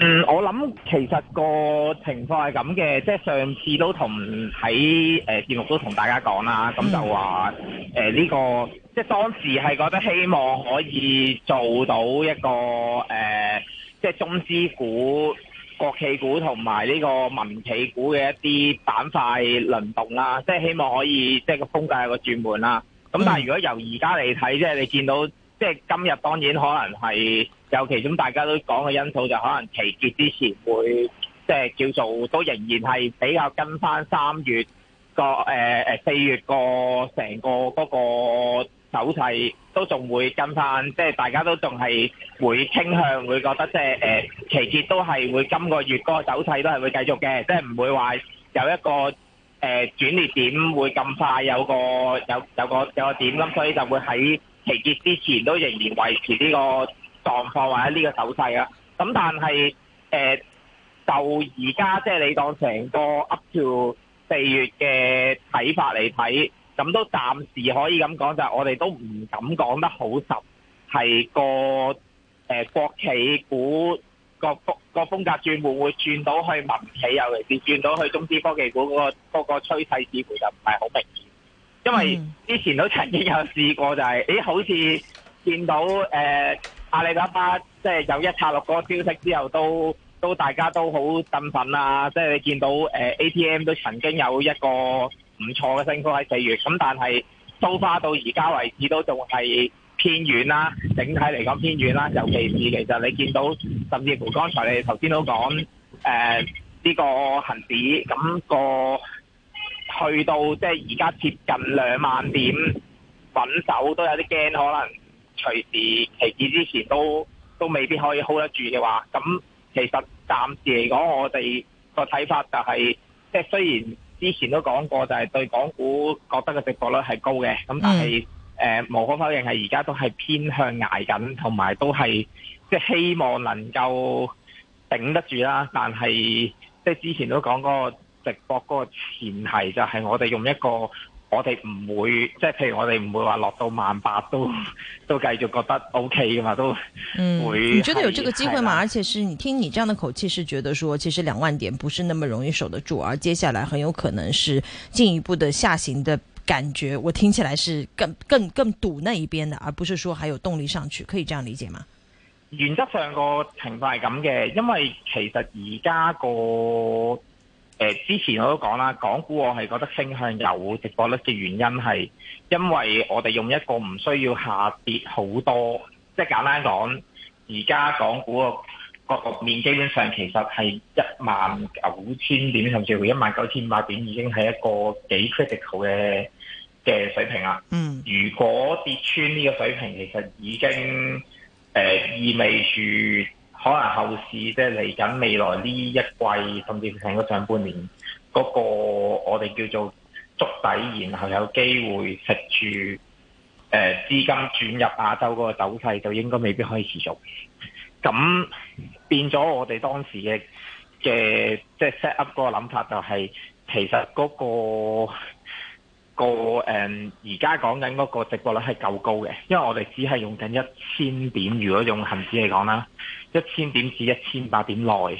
嗯，我諗其實個情況係咁嘅，即係上次都同喺誒、呃、節目都同大家講啦，咁就話誒呢個即係當時係覺得希望可以做到一個誒、呃，即係中資股、國企股同埋呢個民企股嘅一啲板塊輪動啦，即係希望可以即係個風格有個轉換啦。咁但係如果由而家嚟睇，即係你見到即係今日，當然可能係。尤其咁，大家都講嘅因素就可能期結之前會即係叫做都仍然係比較跟翻三月個誒、誒四月個成個嗰個走勢，都仲會跟翻，即係大家都仲係會傾向會覺得即係誒期結都係會今個月嗰個走勢都係會繼續嘅，即係唔會話有一個誒轉捩點會咁快有個有有個有個點咁，所以就會喺期結之前都仍然維持呢個。狀況或者呢個手勢啊，咁但係誒、呃，就而家即係你當成個 up to 四月嘅睇法嚟睇，咁都暫時可以咁講，就係、是、我哋都唔敢講得好實，係個誒、呃、國企股個，個風個格轉換會，會轉到去民企，尤其是轉到去中資科技股嗰、那個嗰、那個趨勢似乎就唔係好明顯，因為之前都曾經有試過、就是，就係咦好似見到誒。呃阿里巴巴即係有一拆六嗰個消息之後都都大家都好振奮啊。即係你見到誒 ATM 都曾經有一個唔錯嘅升幅喺四月，咁但係收花到而家為止都仲係偏遠啦。整體嚟講偏遠啦，尤其是其實你見到甚至乎剛才你哋頭先都講誒呢個恒指咁個去到即係而家接近兩萬點揾手都有啲驚，可能隨時。期指之前都都未必可以 hold 得住嘅話，咁其實暫時嚟講，我哋個睇法就係、是、即係雖然之前都講過，就係對港股覺得嘅值博率係高嘅，咁但係誒、mm. 呃、無可否認係而家都係偏向挨緊，同埋都係即係希望能夠頂得住啦。但係即係之前都講個值博嗰個前提就係我哋用一個。我哋唔會，即係譬如我哋唔會話落到萬八都都繼續覺得 OK 噶嘛，都會、嗯。你覺得有這個機會嘛？而且是，你聽你這樣的口氣，是覺得說，其實兩萬點不是那麼容易守得住，而接下來很有可能是進一步的下行的感覺。我聽起來是更更更賭那一邊的，而不是說還有動力上去，可以這樣理解嗎？原則上個情況係咁嘅，因為其實而家個。誒之前我都講啦，港股我係覺得升向有直播率嘅原因係，因為我哋用一個唔需要下跌好多，即、就、係、是、簡單講，而家港股個局面基本上其實係一萬九千點甚至乎一萬九千五百點已經係一個幾 critical 嘅嘅水平啦。嗯，如果跌穿呢個水平，其實已經誒、呃、意味住。可能後市即係嚟緊未來呢一季，甚至乎成個上半年，嗰、嗰個我哋叫做築底，然後有機會食住誒資金轉入亞洲嗰個走勢，就應該未必可以持續。咁變咗我哋當時嘅嘅即係 set up 嗰個諗法、就係，就係其實嗰、嗰個、嗰個而家講緊嗰個值博率係夠高嘅，因為我哋只係用緊一千點，如果用恆指嚟講啦。一千點至一千八點內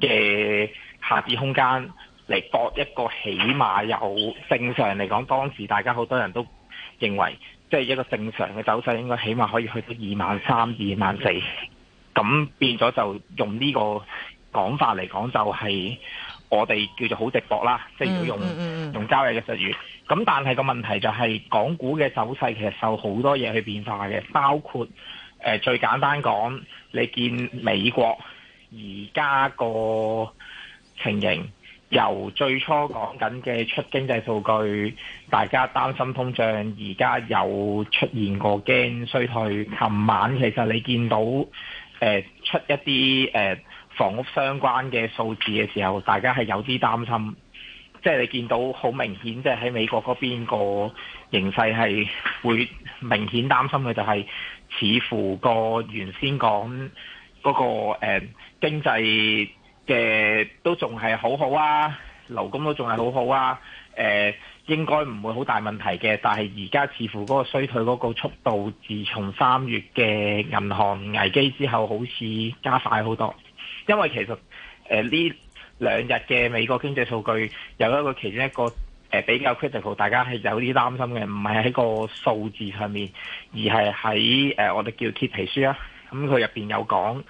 嘅下跌空間嚟搏一個起碼有正常嚟講，當時大家好多人都認為，即係一個正常嘅走勢應該起碼可以去到二萬三、二萬四。咁變咗就用呢個講法嚟講，就係我哋叫做好直博啦，即係用用交易嘅術語。咁但係個問題就係，港股嘅走勢其實受好多嘢去變化嘅，包括，呃，最簡單講。你見美國而家個情形，由最初講緊嘅出經濟數據，大家擔心通脹，而家有出現過驚衰退。琴晚其實你見到、呃、出一啲誒、呃、房屋相關嘅數字嘅時候，大家係有啲擔心，即、就、係、係、你見到好明顯，即係喺美國嗰邊個形勢係會明顯擔心嘅，就係、係。似乎個原先講嗰、那個誒、呃、經濟嘅都仲係好好啊，勞工都仲係好好啊，誒、呃、應該唔會好大問題嘅。但係而家似乎嗰個衰退嗰個速度，自從三月嘅銀行危機之後，好似加快好多。因為其實呢兩日嘅美國經濟數據有一個其中一個。誒比較 critical，大家係有啲擔心嘅，唔係喺個數字上面，而係喺誒我哋叫褐皮書啊。咁佢入邊有講，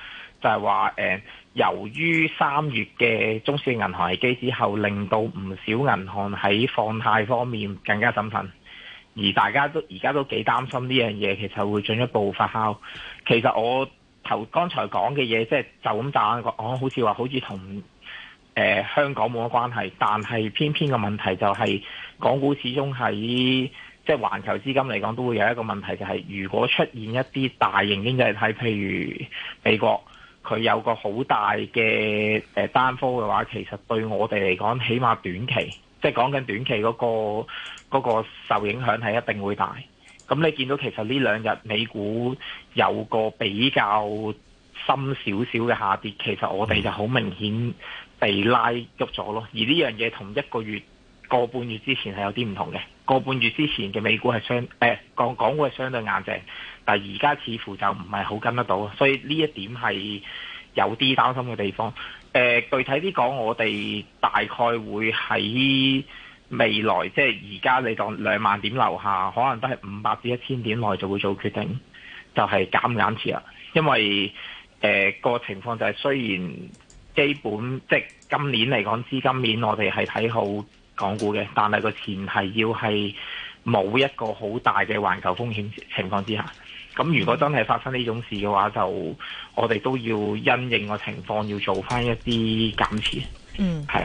就係話誒，由於三月嘅中小銀行危機之後，令到唔少銀行喺放貸方面更加審慎，而大家都而家都幾擔心呢樣嘢，其實會進一步發酵。其實我頭剛才講嘅嘢，即係就咁、是、打個，我好似話好似同。誒、呃、香港冇乜關係，但係偏偏個問題就係、是、港股始終喺即係環球資金嚟講都會有一個問題、就是，就係如果出現一啲大型經濟體，譬如美國，佢有個好大嘅單科嘅話，其實對我哋嚟講，起碼短期即係講緊短期嗰、那個嗰、那個受影響係一定會大。咁你見到其實呢兩日美股有個比較深少少嘅下跌，其實我哋就好明顯。被拉喐咗咯，而呢樣嘢同一個月個半月之前係有啲唔同嘅。個半月之前嘅美股係相，誒、呃、港港股係相對硬淨，但係而家似乎就唔係好跟得到，所以呢一點係有啲擔心嘅地方。誒、呃，具體啲講，我哋大概會喺未來，即係而家你當兩萬點樓下，可能都係五百至一千點內就會做決定，就係、是、減唔減持啦。因為誒、呃、個情況就係雖然。基本即今年嚟講資金面，我哋係睇好港股嘅，但係個前提要係冇一個好大嘅環球風險情況之下。咁如果真係發生呢種事嘅話，就我哋都要因應個情況要做翻一啲減持。嗯，係。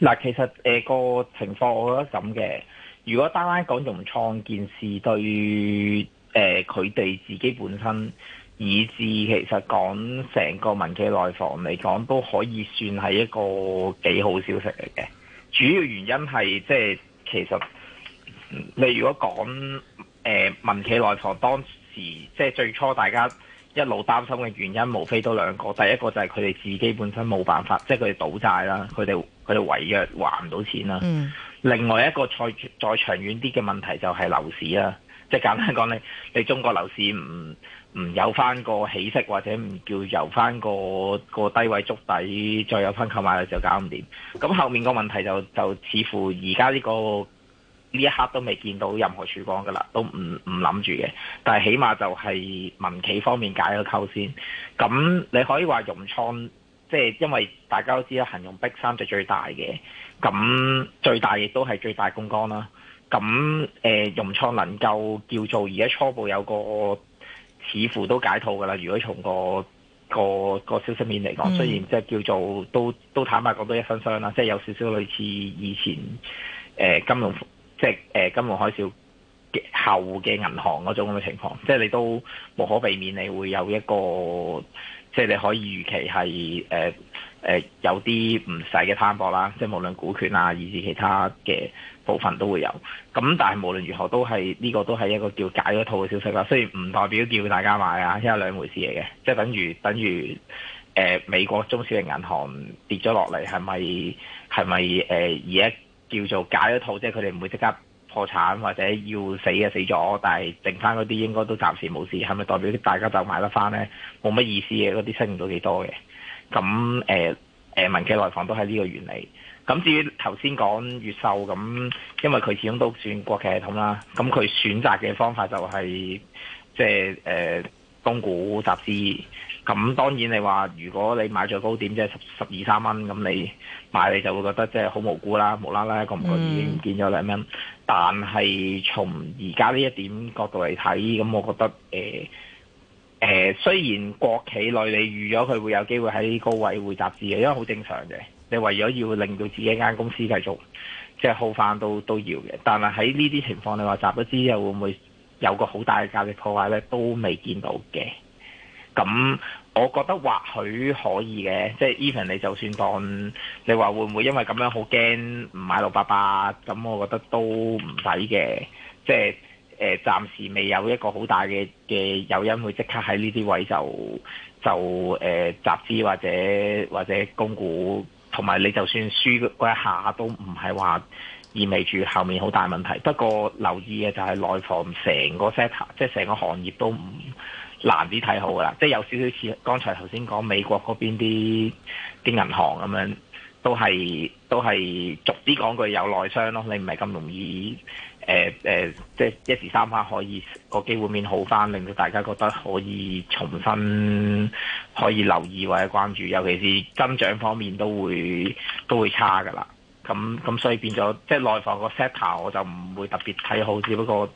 嗱，其實誒、呃、個情況我覺得咁嘅。如果單單講融創件事對佢哋、呃、自己本身以，以至其實講成個民企內房嚟講，都可以算係一個幾好消息嚟嘅。主要原因係即係其實你如果講誒、呃、民企內房當時即係、即係、最初大家一路擔心嘅原因無非都兩個，第一個就係佢哋自己本身冇辦法，即係佢哋倒債啦，佢哋佢哋違約還唔到錢啦。嗯，另外一個再再長遠啲嘅問題就係樓市啦。即係簡單講你你中國樓市唔唔有翻個起色或者唔叫由翻個個低位築底再有翻購買嘅時候搞唔掂。咁後面個問題就就似乎而家呢個。呢一刻都未見到任何曙光㗎啦，都唔唔諗住嘅。但係起碼就係民企方面解咗溝先。咁你可以話融創，即係因為大家都知道行用逼三隻最大嘅。咁最大亦都係最大槓桿啦。咁誒融創能夠叫做而家初步有個似乎都解套㗎啦。如果從個個個消息面嚟講，雖然、嗯、即係叫做都都坦白講都一身傷啦，即係有少少類似以前誒、呃、金融。即係金融海嘯後嘅銀行嗰種咁嘅情況，即係你都無可避免，你會有一個即係你可以預期係誒、呃呃、有啲唔使嘅攤薄啦，即係無論股權啊，以至其他嘅部分都會有。咁但係無論如何都，都係呢個都係一個叫解嗰套嘅消息啦。雖然唔代表叫大家買啊，因為兩回事嚟嘅，即係等於等於誒、呃、美國中小型銀行跌咗落嚟，係咪係咪而一？是叫做解咗套，即係佢哋唔會即刻破產或者要死就死咗，但係剩翻嗰啲應該都暫時冇事，係咪代表大家就買得翻呢？冇乜意思嘅嗰啲升唔到幾多嘅。咁誒誒，民企內房都係呢個原理。咁至於頭先講越秀咁，因為佢始終都算國企系統啦，咁佢選擇嘅方法就係、是、即係誒供股集資。咁當然你話，如果你買咗高點，即係十十二三蚊，咁你買你就會覺得即係好無辜啦，無啦啦個唔覺意已經唔見咗兩蚊。嗯、但係從而家呢一點角度嚟睇，咁我覺得、呃呃、雖然國企內你預咗佢會有機會喺高位會集資嘅，因為好正常嘅，你為咗要令到自己間公司繼續即係耗飯都都要嘅。但係喺呢啲情況，你話集咗資又會唔會有個好大嘅價值破壞咧？都未見到嘅。咁，我覺得或許可以嘅，即係 Even 你就算當你話會唔會因為咁樣好驚唔買六八八，咁我覺得都唔使嘅。即係、呃、暫時未有一個好大嘅嘅誘因會即刻喺呢啲位就就誒集、呃、資或者或者供股，同埋你就算輸嗰一下都唔係話意味住後面好大問題。不過留意嘅就係內房成個 sector 即係成個行業都唔。難啲睇好啦，即係有少少似剛才頭先講美國嗰邊啲啲銀行咁樣，都係都係逐啲講句有內傷咯。你唔係咁容易、呃呃、即係一時三刻可以、個機會面好返，令到大家覺得可以重新可以留意或者關注，尤其是增長方面都會都會差噶啦。咁咁所以變咗即係內房個 sector，我就唔會特別睇好，只不過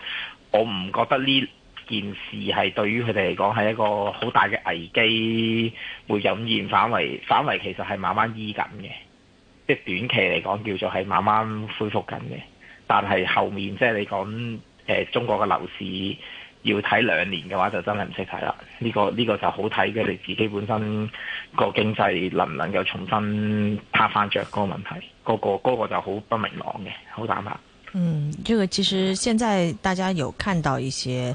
我唔覺得呢，件事係對於佢哋嚟講係一個好大嘅危機，會引燃反圍反圍，其實係慢慢醫緊嘅，即短期嚟講叫做係慢慢恢復緊嘅。但係後面即係、就是、你講誒、呃、中國嘅樓市，要睇兩年嘅話就真係唔識睇啦。呢、這個呢、這個就好睇佢哋自己本身個經濟能唔能夠重新拍返着嗰個問題，嗰個嗰個，個，個就好不明朗嘅，好坦白。嗯，呢、這個其實現在大家有看到一些。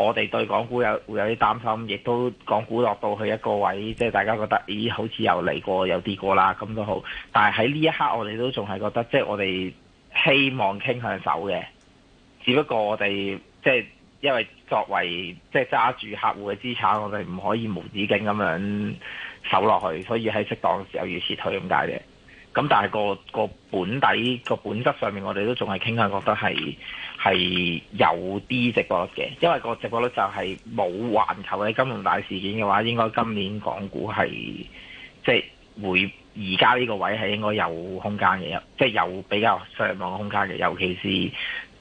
我哋對港股有會有啲擔心，亦都港股落到去一個位，即係大家覺得咦、哎，好似又嚟過，又跌過啦，咁都好。但係喺呢一刻，我哋都仲係覺得，即係我哋希望傾向守嘅。只不過我哋即係因為作為即係揸住客戶嘅資產，我哋唔可以無止境咁樣守落去，所以喺適當嘅時候要撤退咁解嘅。咁但係個個本底個本質上面，我哋都仲係傾向覺得係。係有啲直播率嘅，因為個直播率就係冇環球嘅金融大事件嘅話，應該今年港股係即係會而家呢個位係應該有空間嘅，即係有比較上網嘅空間嘅。尤其是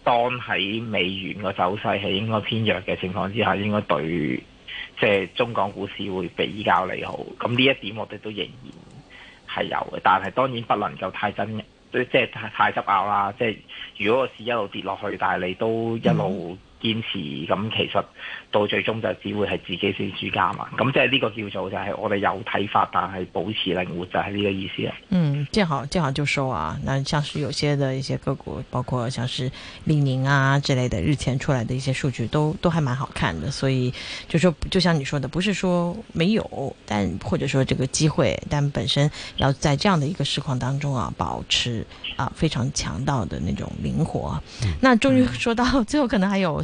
當喺美元個走勢係應該偏弱嘅情況之下，應該對即係中港股市會比較利好。咁呢一點我哋都仍然係有嘅，但係當然不能夠太真嘅。即係太太執拗啦！即係如果個市一路跌落去，但係你都一路。嗯堅持咁其實到最終就只會係自己先輸家嘛，咁即係呢個叫做就係我哋有睇法，但係保持靈活就係、是、呢個意思，嗯，見好見好就收啊！那像是有些的一些個股，包括像是李寧啊之類的，日前出來的一些數據都都還蠻好看的，所以就說就像你說的，不是說沒有，但或者說這個機會，但本身要在這樣的一個市況當中啊，保持啊非常強大的那種靈活。嗯、那終於說到、嗯、最後，可能還有。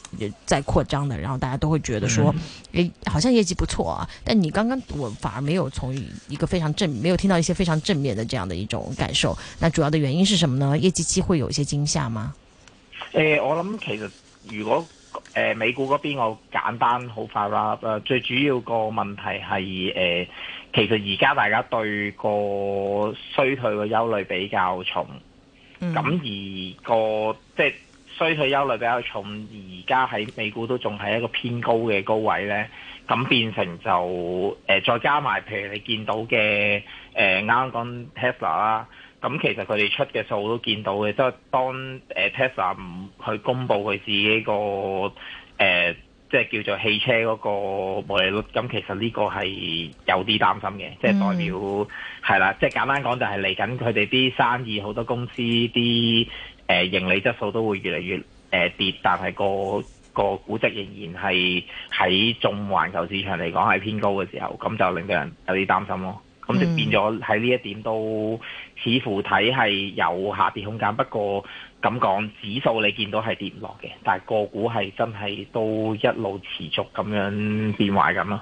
在擴張的，然後大家都會覺得說，誒、嗯，好像業績不錯啊，但你剛剛我反而沒有從一個非常正，沒有聽到一些非常正面的這樣的一種感受。那主要的原因是什麼呢？業績期會有一些驚嚇嗎？誒、呃，我諗其實如果誒、呃、美股嗰邊，我簡單好快啦。誒，最主要個問題係誒、呃，其實而家大家對個衰退嘅憂慮比較重，咁、嗯、而個即係。 衰退憂慮比較重，而家喺美股都仲喺一個偏高嘅高位咧，咁變成就誒、呃、再加埋，譬如你見到嘅誒啱啱講 Tesla 啦，咁、呃啊、其實佢哋出嘅數都見到嘅、就是呃呃，即係當誒 Tesla 唔去公布佢自己個誒即係叫做汽車嗰個毛利率，咁、嗯嗯、其實呢個係有啲擔心嘅，即係代表係啦，即係簡單講就係嚟緊佢哋啲生意好多公司啲。誒盈利質素都會越嚟越誒、呃、跌，但係、個、個估值仍然係喺縱環球市場嚟講係偏高嘅時候，咁就令到人有啲擔心咯。咁就係變咗喺呢一點都似乎睇係有下跌空間。不過咁講指數你見到係跌唔落嘅，但係個股係真係都一路持續咁樣變壞咁咯。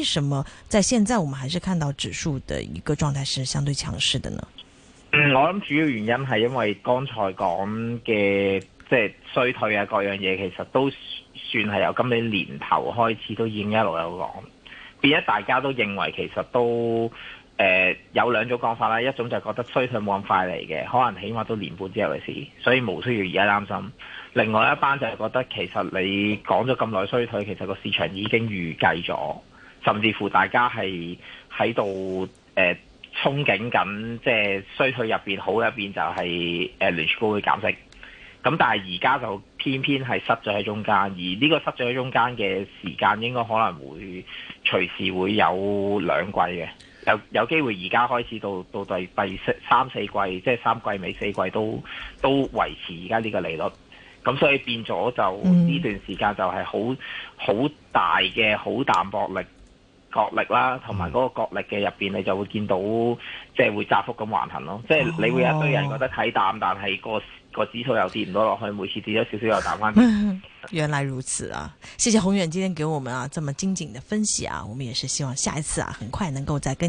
為什麼在現在我們還是看到指數的一個狀態是相對強勢的呢？嗯，我諗主要原因係因為剛才講嘅即係衰退啊，各樣嘢其實都算係由今年年頭開始都已經一路有講，變咗大家都認為其實都誒、呃、有兩種講法啦，一種就係覺得衰退冇咁快嚟嘅，可能起碼都年半之後嘅事，所以無需要而家擔心。另外一班就係覺得其實你講咗咁耐衰退，其實個市場已經預計咗。甚至乎大家係喺度誒憧憬緊，即係衰退入面好入面就係誒連高會減息。咁但係而家就偏偏係失咗喺中間，而呢個失咗喺中間嘅時間應該可能會隨時會有兩季嘅，有有機會而家開始到到第第三四季，即係三季尾四季都都維持而家呢個利率。咁所以變咗就呢段時間就係好好大嘅好淡薄力。角力啦，同埋個角力嘅入邊，你就會見到、嗯、即係會窄幅咁橫行咯。哦、即係你會有一堆人覺得睇淡，但係，個個指數又跌唔到落去，每次跌咗少少又彈翻嚟。 原來如此啊！謝謝宏遠今天給我們啊，這麼精準的分析啊，我們也是希望下一次啊，很快能夠再跟您。